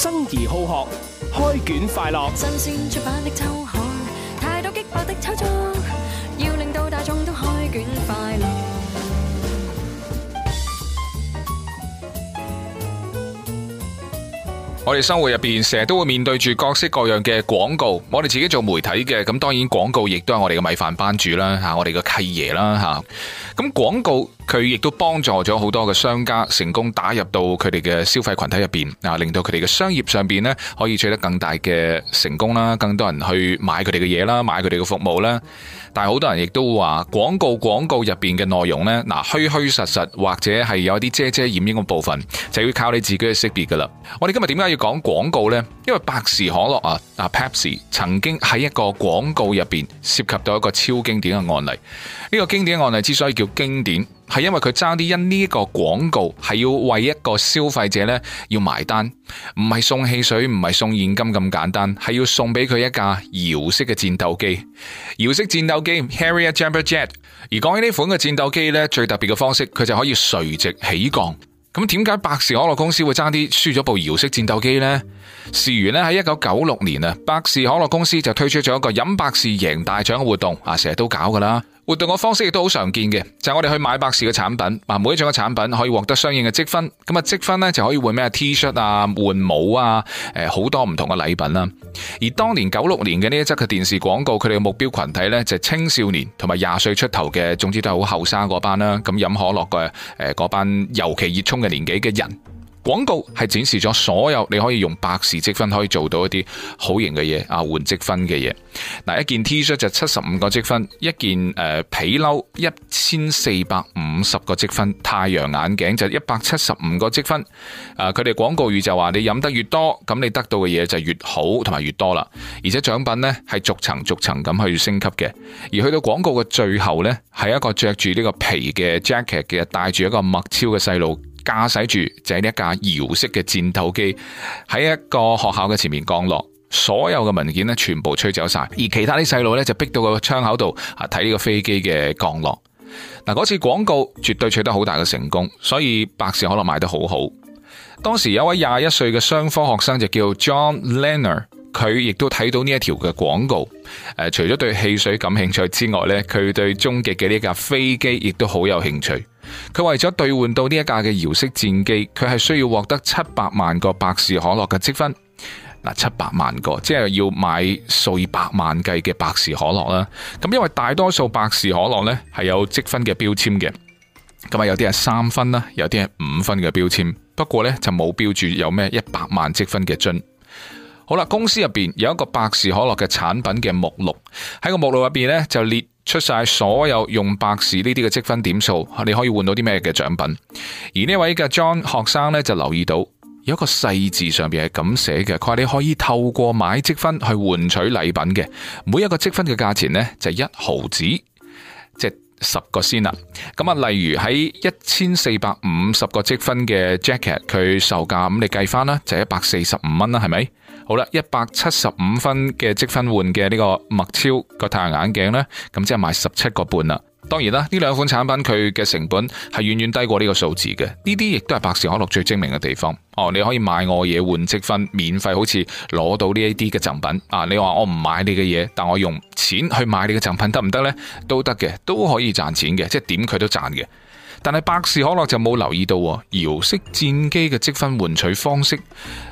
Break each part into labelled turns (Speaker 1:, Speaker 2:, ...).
Speaker 1: 生而好學，開卷快樂。新鮮出版的週刊，太多激爆的炒作，要令到大眾都開卷快樂。 樂，我哋生活入邊成日都會面對住各式各樣嘅廣告，我哋自己做媒體嘅，咁當然廣告亦都係我哋嘅米飯班主啦，嚇我哋嘅契爺啦，嚇。咁廣告佢亦都幫助咗好多嘅商家成功打入到佢哋嘅消費群體入邊啊，令到佢哋嘅商業上邊呢可以取得更大嘅成功啦，更多人去買佢哋嘅嘢啦，買佢哋嘅服務啦。但係好多人亦都話廣告，廣告入邊嘅內容呢，嗱虛虛實實、實或者係有啲遮遮掩掩嘅部分，就要靠你自己嘅識別噶啦。我哋今日點解要講廣告呢？因為百事可樂啊，啊 Pepsi 曾經喺一個廣告入邊涉及到一個超經典嘅案例。呢個經典案例之所以叫經典係因為佢爭啲因呢一個廣告係要為一個消費者呢要埋單，唔係送汽水，唔係送現金咁簡單，係要送俾佢一架鷂式嘅戰鬥機。鷂式戰鬥機 Harrier Jumper Jet。而講起呢款嘅戰鬥機呢，最特別嘅方式，佢就可以垂直起降。咁點解百事可樂公司會爭啲輸咗部鷂式戰鬥機呢？事緣呢，喺一九九六年啊，百事可樂公司就推出咗一個飲百事贏大獎嘅活動，啊成日都搞噶啦。活動嘅方式亦都好常見嘅，就係我哋去買百事嘅產品，啊，每一種嘅產品可以獲得相應嘅積分，咁啊積分呢，就可以換咩 T 恤啊、換帽啊，誒好多唔同嘅禮品啦。而當年九六年嘅呢一則嘅電視廣告，佢哋嘅目標群體呢，就係青少年同埋廿歲出頭嘅，總之都係好後生嗰班啦。咁飲可樂嘅誒嗰班尤其熱衷嘅年紀嘅人。廣告係展示咗所有你可以用百事積分可以做到一啲好型嘅嘢啊，換積分嘅嘢。嗱，一件 T-shirt 就七十五個積分，一件誒、呃、皮褸一千四百五十個積分，太陽眼鏡就一百七十五個積分。啊、呃，佢哋廣告語就話你飲得越多，咁你得到嘅嘢就越好同埋越多啦。而且獎品呢係逐層逐層咁去升級嘅。而去到廣告嘅最後呢，係一個着住呢個皮嘅 jacket 嘅戴住一個墨超嘅細路。駕駛住就係、是、呢一架搖式嘅戰鬥機，喺一個學校嘅前面降落，所有嘅文件咧，全部吹走晒，而其他啲細路呢，就逼到個窗口度啊，睇呢個飛機嘅降落。嗱，嗰次廣告絕對取得好大嘅成功，所以百事可樂賣得好好。當時有位廿一歲嘅商科學生就叫 John Leonard，佢亦都睇到呢一條嘅廣告。誒，除咗對汽水感興趣之外呢，佢對終極嘅呢架飛機亦都好有興趣。佢為咗兌換到呢一架嘅鷂式戰機，佢係需要獲得七百萬個百事可樂嘅積分。嗱，七百萬個，即係要買數百萬計嘅百事可樂啦。咁因為大多數百事可樂呢係有積分嘅標籤嘅。咁啊，有啲係三分啦，有啲係五分嘅標籤。不過呢，就冇標注有咩一百萬積分嘅樽。好啦，公司入邊有一個百事可樂嘅產品嘅目錄，喺個目錄入邊呢，就列出晒所有用百事呢啲嘅積分點數，你可以換到啲咩嘅獎品。而呢位嘅 John 學生呢，就留意到有一個細字上邊係咁寫嘅，佢話你可以透過買積分去換取禮品嘅，每一個積分嘅價錢呢，就一毫子，即、就是、十個仙啦。咁啊，例如喺一千四百五十個積分嘅 jacket，佢售價咁你計翻啦，就一百四十五蚊啦，係咪？好啦，一百七十五分嘅積分換嘅呢個麥超個太陽眼鏡呢，咁即係賣十七個半啦。當然啦，呢兩款產品佢嘅成本係遠遠低過呢個數字嘅。呢啲亦都係百事可樂最精明嘅地方。哦，你可以買我嘢換積分，免費好似攞到呢一啲嘅贈品啊！你話我唔買你嘅嘢，但我用錢去買你嘅贈品得唔得呢？都得嘅，都可以賺錢嘅，即係點佢都賺嘅。但係百事可樂就冇留意到鷂式戰機嘅積分換取方式，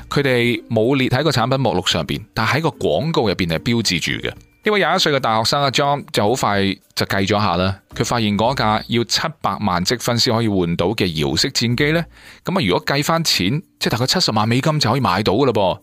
Speaker 1: 佢哋冇列喺個產品目錄上邊，但喺個廣告入邊係標誌住嘅。呢位廿一歲嘅大學生阿 John 就好快就計咗下啦，佢發現嗰架要七百萬積分先可以換到嘅鷂式戰機呢，咁啊如果計翻錢，即係大概七十萬美金就可以買到噶啦噃。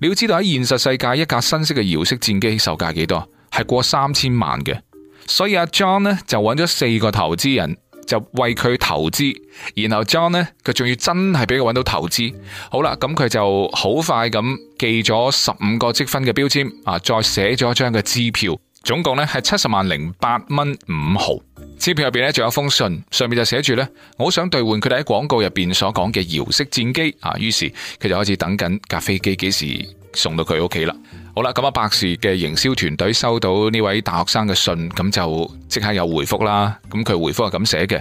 Speaker 1: 你要知道喺現實世界，一架新式嘅鷂式戰機售價幾多，係過三千萬嘅，所以阿 John 呢，就揾咗四個投資人。就為佢投資，然後 John 呢，佢仲要真係俾佢搵到投資，好啦，咁佢就好快咁寄咗十五個積分嘅標籤啊，再寫咗一張嘅支票，總共呢係七十萬零八蚊五毫。支票入邊呢，仲有封信，上面就寫住呢：「我想兌換佢哋喺廣告入邊所講嘅鷂式戰機啊。」於是佢就開始等緊架飛機幾時送到佢屋企啦。好啦，咁啊百事嘅營銷團隊收到呢位大學生嘅信，咁就即刻有回覆啦。咁佢回覆係咁寫嘅：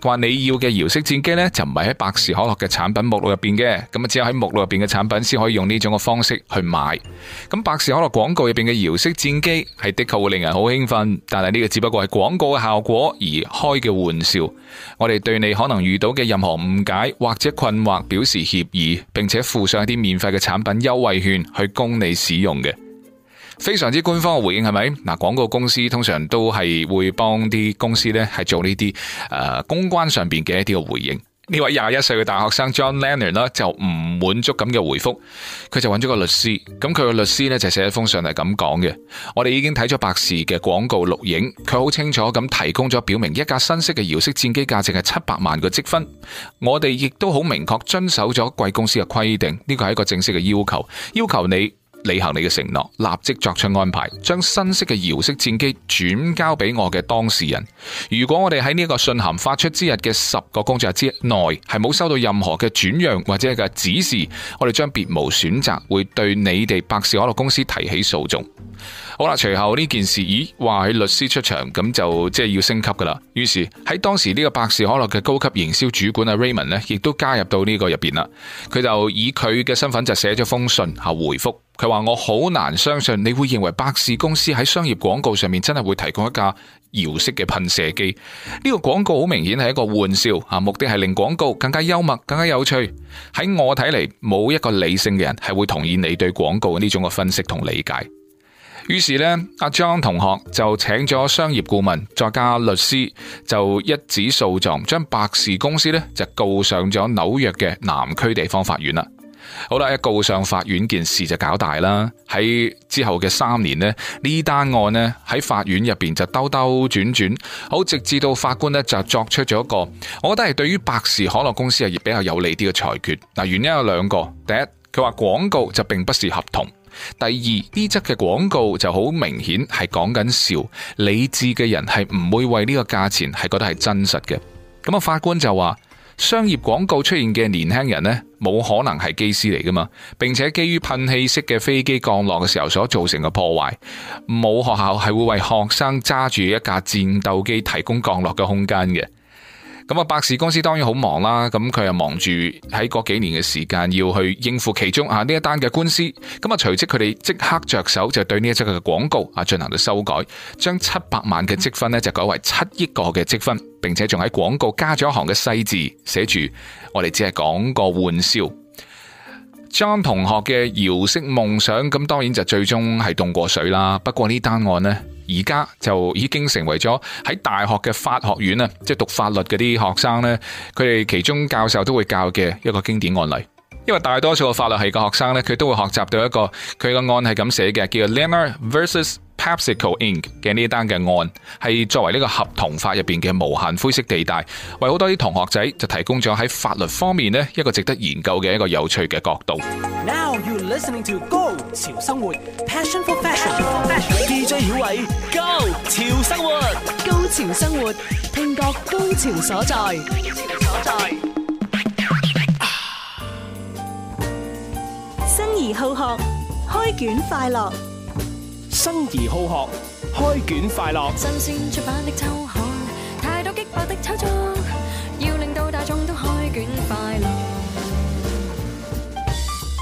Speaker 1: 佢話你要嘅鷂式戰機呢，就唔係喺百事可樂嘅產品目錄入邊嘅，咁啊只有喺目錄入邊嘅產品先可以用呢種嘅方式去買。咁百事可樂廣告入邊嘅鷂式戰機係的確會令人好興奮，但係呢個只不過係廣告嘅效果而開嘅玩笑。我哋對你可能遇到嘅任何誤解或者困惑表示歉意，並且附上一啲免費嘅產品優惠券去供你使用嘅。非常之官方嘅回應係咪？嗱，廣告公司通常都係會幫啲公司呢係做呢啲誒公關上邊嘅一啲嘅回應。呢位廿一歲嘅大學生 John Leonard 呢，就唔滿足咁嘅回復，佢就揾咗個律師。咁佢個律師呢就寫咗封信係咁講嘅：我哋已經睇咗百事嘅廣告錄影，佢好清楚咁提供咗表明一架新式嘅鷂式戰機價值係七百萬個積分。我哋亦都好明確遵守咗貴公司嘅規定，呢個係一個正式嘅要求，要求你。履行你嘅承諾，立即作出安排，將新式嘅鷂式戰機轉交俾我嘅當事人。如果我哋喺呢個信函發出之日嘅十個工作日之內係冇收到任何嘅轉讓或者嘅指示，我哋將別無選擇，會對你哋百事可樂公司提起訴訟。好啦，隨後呢件事，咦，話喺律師出場咁就即係要升級噶啦。於是喺當時呢個百事可樂嘅高級營銷主管阿 Raymond 呢，亦都加入到呢個入邊啦。佢就以佢嘅身份就寫咗封信吓回覆佢話：我好難相信你會認為百事公司喺商業廣告上面真係會提供一架搖式嘅噴射機。呢個廣告好明顯係一個玩笑吓，目的係令廣告更加幽默，更加有趣。喺我睇嚟，冇一個理性嘅人係會同意你對廣告呢種嘅分析同理解。於是呢，阿 j 同學就請咗商業顧問、作家、律師，就一紙訴狀將百事公司呢就告上咗紐約嘅南區地方法院啦。好啦，一告上法院，件事就搞大啦。喺之後嘅三年呢，呢單案呢喺法院入邊就兜兜轉轉，好直至到法官呢，就作出咗一個，我覺得係對於百事可樂公司係比較有利啲嘅裁決。嗱，原因有兩個，第一，佢話廣告就並不是合同。第二呢則嘅廣告就好明顯係講緊笑，理智嘅人係唔會為呢個價錢係覺得係真實嘅。咁啊，法官就話，商業廣告出現嘅年輕人呢，冇可能係機師嚟噶嘛，並且基於噴氣式嘅飛機降落嘅時候所造成嘅破壞，冇學校係會為學生揸住一架戰鬥機提供降落嘅空間嘅。咁啊，百事公司當然好忙啦，咁佢又忙住喺嗰幾年嘅時間要去應付其中啊呢一單嘅官司。咁啊，隨即佢哋即刻着手就對呢一則嘅廣告啊進行咗修改，將七百萬嘅積分呢就改為七億個嘅積分，並且仲喺廣告加咗一行嘅細字寫，寫住我哋只係講個玩笑。張同學嘅鷂式夢想，咁當然就最終係凍過水啦。不過呢單案呢。而家就已經成為咗喺大學嘅法學院啊，即係讀法律嗰啲學生呢，佢哋其中教授都會教嘅一個經典案例，因為大多數嘅法律系嘅學生咧，佢都會學習到一個佢個案係咁寫嘅，叫做 Lena vs. Capsical Inc 嘅呢單嘅案係作為呢個合同法入邊嘅無限灰色地帶，為好多啲同學仔就提供咗喺法律方面咧一個值得研究嘅一個有趣嘅角度。Now you listening toGo 潮生活，Passion for fashion，DJ 曉偉，Go 潮生活，高潮生活，聽覺高潮所在，生而好學，開卷快樂。生而好學，開卷快樂。新鮮出版的週刊，太多激烈的炒作，要令到大眾都開卷快樂。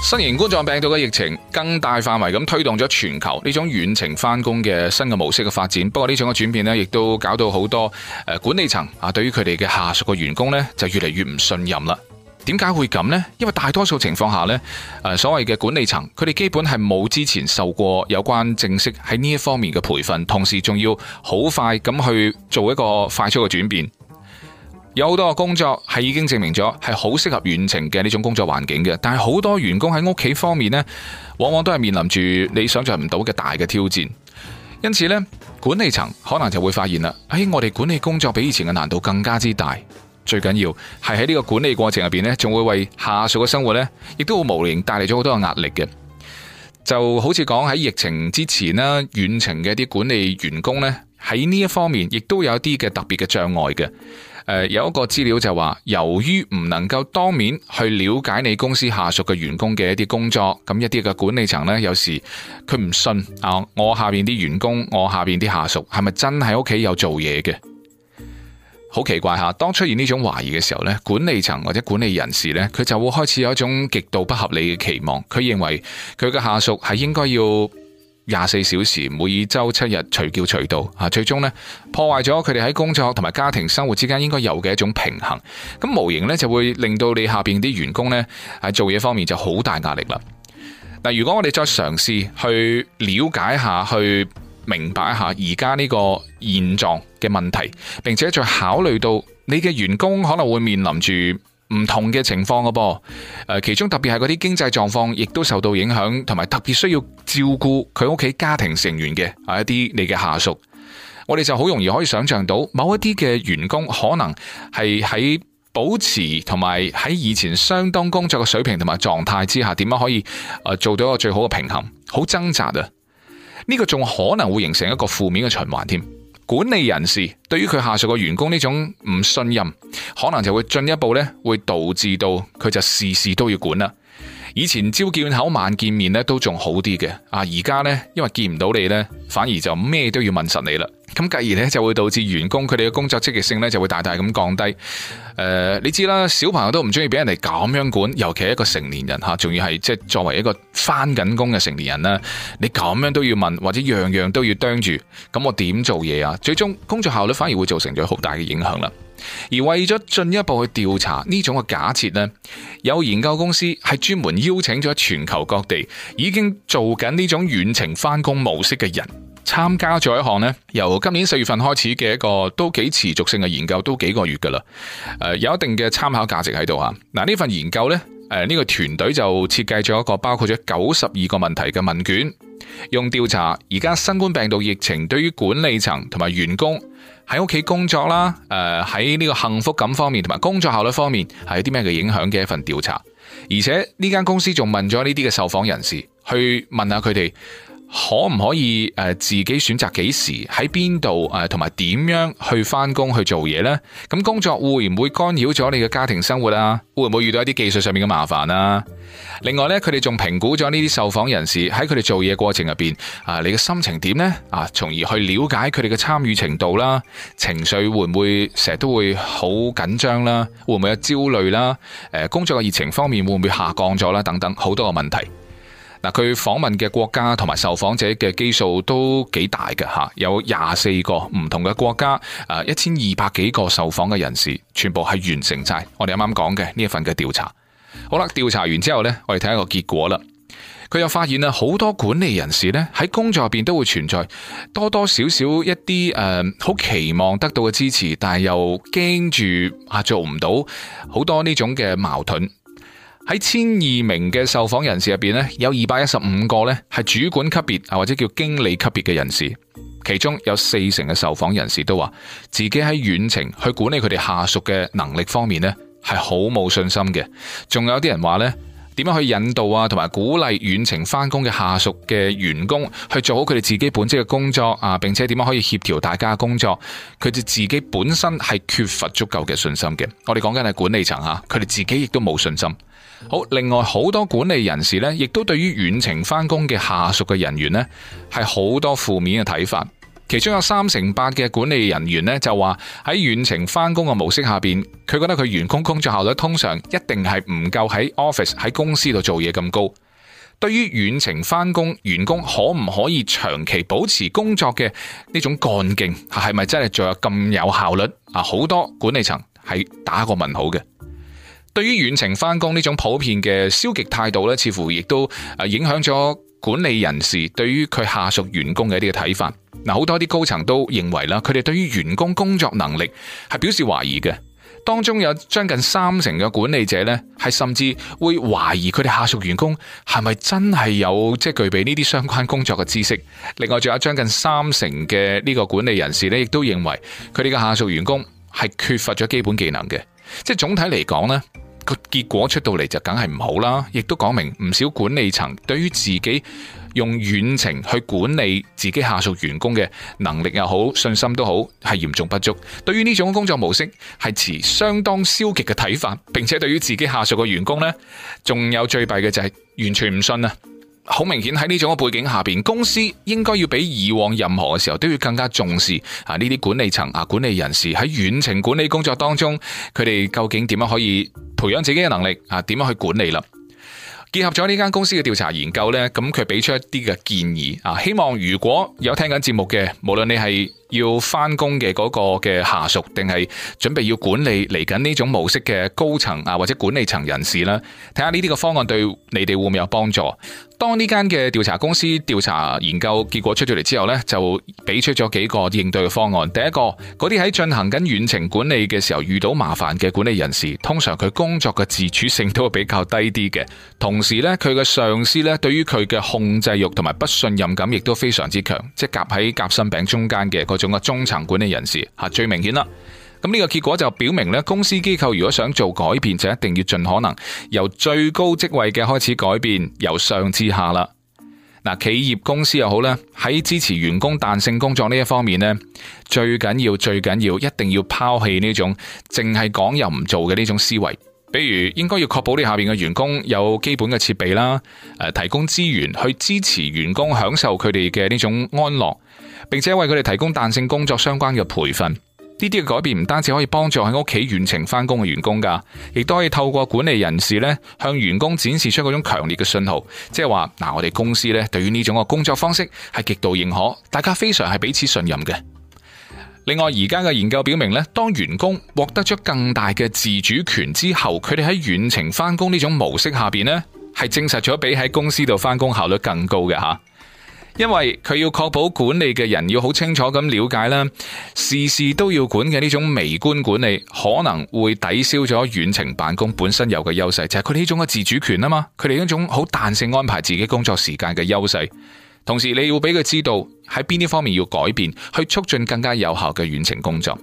Speaker 1: 新型冠狀病毒嘅疫情，更大範圍咁推動咗全球呢種遠程返工嘅新嘅模式嘅發展。不過呢種嘅轉變呢，亦都搞到好多管理層啊，對於佢哋嘅下屬嘅員工呢，就越嚟越唔信任啦。點解會咁呢？因為大多數情況下呢，誒所謂嘅管理層，佢哋基本係冇之前受過有關正式喺呢一方面嘅培訓，同時仲要好快咁去做一個快速嘅轉變。有好多嘅工作係已經證明咗係好適合遠程嘅呢種工作環境嘅，但係好多員工喺屋企方面呢，往往都係面臨住你想象唔到嘅大嘅挑戰。因此呢，管理層可能就會發現啦，喺、哎、我哋管理工作比以前嘅難度更加之大。最緊要係喺呢個管理過程入邊呢,仲會為下屬嘅生活呢，亦都好無形帶嚟咗好多嘅壓力嘅。就好似講喺疫情之前啦，遠程嘅啲管理員工呢，喺呢一方面亦都有一啲嘅特別嘅障礙嘅。誒、呃，有一個資料就話，由於唔能夠當面去了解你公司下屬嘅員工嘅一啲工作，咁一啲嘅管理層呢，有時佢唔信啊，我下邊啲員工，我下邊啲下屬係咪真係屋企有做嘢嘅？好奇怪哈！當出現呢種懷疑嘅時候咧，管理層或者管理人士咧，佢就會開始有一種極度不合理嘅期望。佢認為佢嘅下屬係應該要廿四小時、每周七日隨叫隨到啊！最終咧破壞咗佢哋喺工作同埋家庭生活之間應該有嘅一種平衡。咁無形咧就會令到你下邊啲員工咧喺做嘢方面就好大壓力啦。嗱，如果我哋再嘗試去了解下去。明白一下而家呢個現狀嘅問題，並且再考慮到你嘅員工可能會面臨住唔同嘅情況嘅噃，誒，其中特別係嗰啲經濟狀況亦都受到影響，同埋特別需要照顧佢屋企家庭成員嘅啊一啲你嘅下屬，我哋就好容易可以想象到某一啲嘅員工可能係喺保持同埋喺以前相當工作嘅水平同埋狀態之下，點樣可以做到一個最好嘅平衡，好掙扎啊！呢個仲可能會形成一個負面嘅循環添。管理人士對於佢下屬嘅員工呢種唔信任，可能就會進一步咧會導致到佢就事事都要管啦。以前朝見口晚見面咧都仲好啲嘅，啊而家呢，因為見唔到你呢，反而就咩都要問實你啦。咁繼而呢，就會導致員工佢哋嘅工作積極性呢，就會大大咁降低。誒、呃，你知啦，小朋友都唔中意俾人哋咁樣管，尤其係一個成年人吓，仲要係即係作為一個翻緊工嘅成年人咧，你咁樣都要問，或者樣樣都要啄住，咁我點做嘢啊？最終工作效率反而會造成咗好大嘅影響啦。而為咗進一步去調查呢種嘅假設呢，有研究公司係專門邀請咗全球各地已經做緊呢種遠程返工模式嘅人，參加咗一項咧由今年四月份開始嘅一個都幾持續性嘅研究，都幾個月噶啦，誒，有一定嘅參考價值喺度吓！嗱，呢份研究呢。誒，呢個團隊就設計咗一個包括咗九十二個問題嘅問卷，用調查而家新冠病毒疫情對於管理層同埋員工喺屋企工作啦，誒喺呢個幸福感方面同埋工作效率方面係有啲咩嘅影響嘅一份調查，而且呢間公司仲問咗呢啲嘅受訪人士去問下佢哋。可唔可以誒，自己選擇幾時喺邊度誒，同埋點樣去翻工，去做嘢呢？咁工作會唔會干擾咗你嘅家庭生活啊？會唔會遇到一啲技術上面嘅麻煩啊？另外呢，佢哋仲評估咗呢啲受訪人士喺佢哋做嘢過程入邊啊，你嘅心情點呢？啊，從而去了解佢哋嘅參與程度啦，情緒會唔會成日都會好緊張啦？會唔會有焦慮啦？誒，工作嘅熱情方面會唔會下降咗啦？等等，好多嘅問題。嗱，佢訪問嘅國家同埋受訪者嘅基數都幾大㗎吓，有廿四個唔同嘅國家，誒，一千二百幾個受訪嘅人士，全部係完成晒我哋啱啱講嘅呢一份嘅調查。好啦，調查完之後呢，我哋睇一個結果啦。佢又發現啊，好多管理人士呢，喺工作入邊都會存在多多少少一啲誒，好期望得到嘅支持，但係又驚住啊做唔到，好多呢種嘅矛盾。喺千二名嘅受訪人士入邊呢，有二百一十五個呢，係主管級別啊，或者叫經理級別嘅人士，其中有四成嘅受訪人士都話自己喺遠程去管理佢哋下屬嘅能力方面呢，係好冇信心嘅。仲有啲人話呢，點樣去引導啊，同埋鼓勵遠程翻工嘅下屬嘅員工去做好佢哋自己本職嘅工作啊，並且點樣可以協調大家工作，佢哋自己本身係缺乏足夠嘅信心嘅。我哋講緊係管理層吓，佢哋自己亦都冇信心。好，另外好多管理人士呢，亦都對於遠程翻工嘅下屬嘅人員呢，係好多負面嘅睇法。其中有三成八嘅管理人員呢，就話喺遠程翻工嘅模式下邊，佢覺得佢員工工作效率通常一定係唔夠喺 office 喺公司度做嘢咁高。對於遠程翻工員工可唔可以長期保持工作嘅呢種幹勁，係咪真係仲有咁有效率？啊，好多管理層係打個問號嘅。對於遠程返工呢種普遍嘅消極態度咧，似乎亦都誒影響咗管理人士對於佢下屬員工嘅一啲嘅睇法。嗱，好多啲高層都認為啦，佢哋對於員工工作能力係表示懷疑嘅。當中有將近三成嘅管理者咧，係甚至會懷疑佢哋下屬員工係咪真係有即係具備呢啲相關工作嘅知識。另外，仲有將近三成嘅呢個管理人士咧，亦都認為佢哋嘅下屬員工係缺乏咗基本技能嘅。即係總體嚟講咧。結果出到嚟，就梗係唔好啦，亦都講明唔少管理層對於自己用遠程去管理自己下屬員工嘅能力又好、信心都好係嚴重不足，對於呢種工作模式係持相當消極嘅睇法，並且對於自己下屬嘅員工呢，仲有最弊嘅就係完全唔信啊！好明顯喺呢種嘅背景下邊，公司應該要比以往任何嘅時候都要更加重視啊呢啲管理層啊管理人士喺遠程管理工作當中，佢哋究竟點樣可以培養自己嘅能力啊？點樣去管理啦？結合咗呢間公司嘅調查研究呢，咁佢俾出一啲嘅建議啊，希望如果有聽緊節目嘅，無論你係。要翻工嘅嗰個嘅下屬定係準備要管理嚟緊呢種模式嘅高層啊，或者管理層人士啦，睇下呢啲個方案對你哋會唔會有幫助。當呢間嘅調查公司調查研究結果出咗嚟之後咧，就俾出咗幾個應對嘅方案。第一個嗰啲喺進行緊遠程管理嘅時候遇到麻煩嘅管理人士，通常佢工作嘅自主性都會比較低啲嘅，同時咧佢嘅上司咧對於佢嘅控制慾同埋不信任感亦都非常之強，即係夾喺夾心餅中間嘅個。仲個中層管理人士吓最明顯啦，咁呢個結果就表明咧，公司機構如果想做改變，就一定要盡可能由最高職位嘅開始改變，由上至下啦。嗱，企業公司又好咧，喺支持員工彈性工作呢一方面呢，最緊要最緊要一定要拋棄呢種淨係講又唔做嘅呢種思維。比如應該要確保你下邊嘅員工有基本嘅設備啦，誒，提供資源去支持員工享受佢哋嘅呢種安樂。並且為佢哋提供彈性工作相關嘅培訓，呢啲嘅改變唔單止可以幫助喺屋企遠程翻工嘅員工噶，亦都可以透過管理人士呢向員工展示出嗰種強烈嘅信號，即係話嗱，我哋公司呢對於呢種嘅工作方式係極度認可，大家非常係彼此信任嘅。另外，而家嘅研究表明呢，當員工獲得咗更大嘅自主權之後，佢哋喺遠程翻工呢種模式下邊呢，係證實咗比喺公司度翻工效率更高嘅吓。因為佢要確保管理嘅人要好清楚咁了解啦，事事都要管嘅呢種微觀管理，可能會抵消咗遠程辦公本身有嘅優勢，就係佢哋呢種嘅自主權啊嘛，佢哋呢種好彈性安排自己工作時間嘅優勢。同時你要俾佢知道喺邊啲方面要改變，去促進更加有效嘅遠程工作。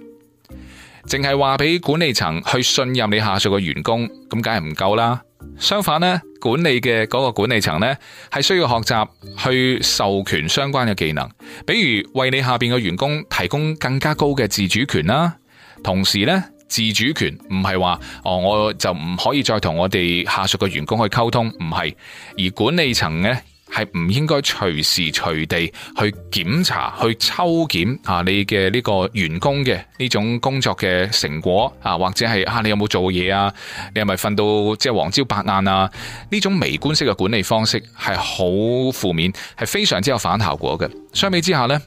Speaker 1: 淨係話俾管理層去信任你下屬嘅員工，咁梗係唔夠啦。相反呢，管理嘅嗰個管理層呢係需要學習去授權相關嘅技能，比如為你下邊嘅員工提供更加高嘅自主權啦。同時呢，自主權唔係話哦，我就唔可以再同我哋下屬嘅員工去溝通，唔係，而管理層呢。係唔應該隨時隨地去檢查、去抽檢啊你嘅呢個員工嘅呢種工作嘅成果啊，或者係啊你有冇做嘢啊？你係咪瞓到即係黃朝白晏啊？呢種微觀式嘅管理方式係好負面，係非常之有反效果嘅。相比之下呢，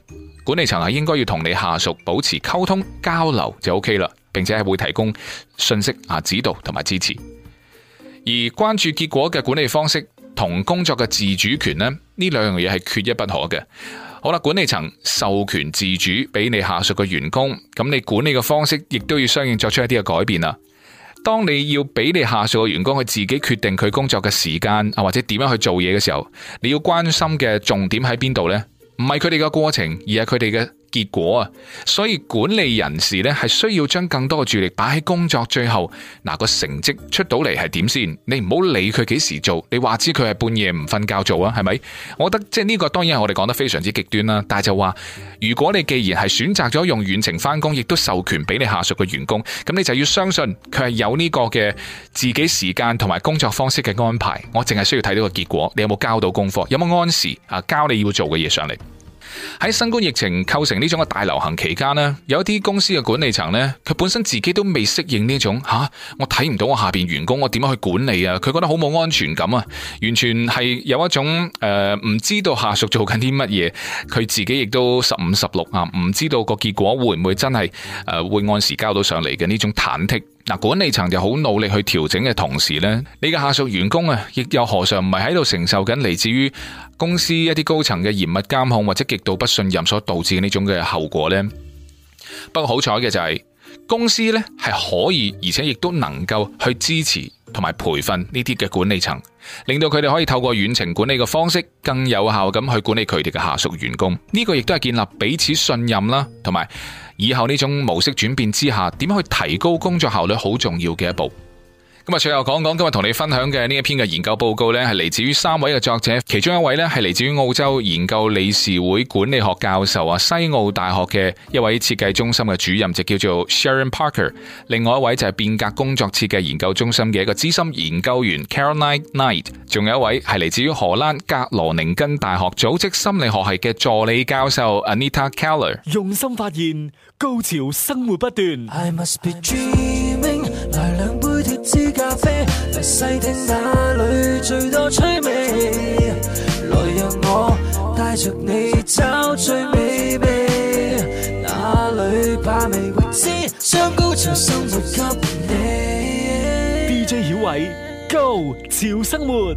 Speaker 1: 管理層係應該要同你下屬保持溝通交流就 O K 啦，並且係會提供信息啊、指導同埋支持。而關注結果嘅管理方式，同工作嘅自主權呢，呢兩樣嘢係缺一不可嘅。好啦，管理層授權自主俾你下屬嘅員工，咁你管理嘅方式，亦都要相應作出一啲嘅改變啦。當你要俾你下屬嘅員工去自己決定佢工作嘅時間啊，或者點樣去做嘢嘅時候，你要關心嘅重點喺邊度呢？唔係佢哋嘅過程，而係佢哋嘅。結果啊，所以管理人士呢，係需要將更多嘅注意力擺喺工作最後，嗱個成績出到嚟係點先？你唔好理佢幾時做，你話知佢係半夜唔瞓覺做啊？係咪？我覺得即係呢個當然係我哋講得非常之極端啦。但係就話，如果你既然係選擇咗用遠程返工，亦都授權俾你下屬嘅員工，咁你就要相信佢係有呢個嘅自己時間同埋工作方式嘅安排。我淨係需要睇到個結果，你有冇交到功課？有冇按時啊交你要做嘅嘢上嚟？喺新冠疫情構成呢種嘅大流行期間呢，有一啲公司嘅管理層呢，佢本身自己都未適應呢種吓、啊，我睇唔到我下邊員工我點樣去管理啊？佢覺得好冇安全感啊，完全係有一種誒呃、唔知道下屬做緊啲乜嘢，佢自己亦都十五十六啊，唔知道個結果會唔會真係誒、呃、會按時交到上嚟嘅呢種忐忑。嗱，管理層就好努力去調整嘅同時呢，你嘅下屬員工啊，亦又何嘗唔係喺度承受緊嚟自於公司一啲高層嘅嚴密監控或者極度不信任所導致嘅呢種嘅後果呢？不過好彩嘅就係，公司呢係可以而且亦都能夠去支持。同埋培訓呢啲嘅管理層，令到佢哋可以透過遠程管理嘅方式，更有效咁去管理佢哋嘅下屬員工。呢個亦都係建立彼此信任啦，同埋以後呢種模式轉變之下，點樣去提高工作效率好重要嘅一步。咁啊，最後講講今日同你分享嘅呢一篇嘅研究報告呢，係嚟自於三位嘅作者，其中一位呢係嚟自於澳洲研究理事會管理學教授啊，西澳大學嘅一位設計中心嘅主任就叫做 Sharon Parker，另外一位就係變革工作設計研究中心嘅一個資深研究員 Caroline Knight，仲有一位係嚟自於荷蘭格羅寧根大學組織心理學系嘅助理教授 Anita Keller，用心發現，高潮生活不斷。支咖啡，來細聽哪裏最多趣味。來讓我帶着你找最美味，哪裏把味會知，將高潮生活給你。DJ 曉偉，Go 潮生活。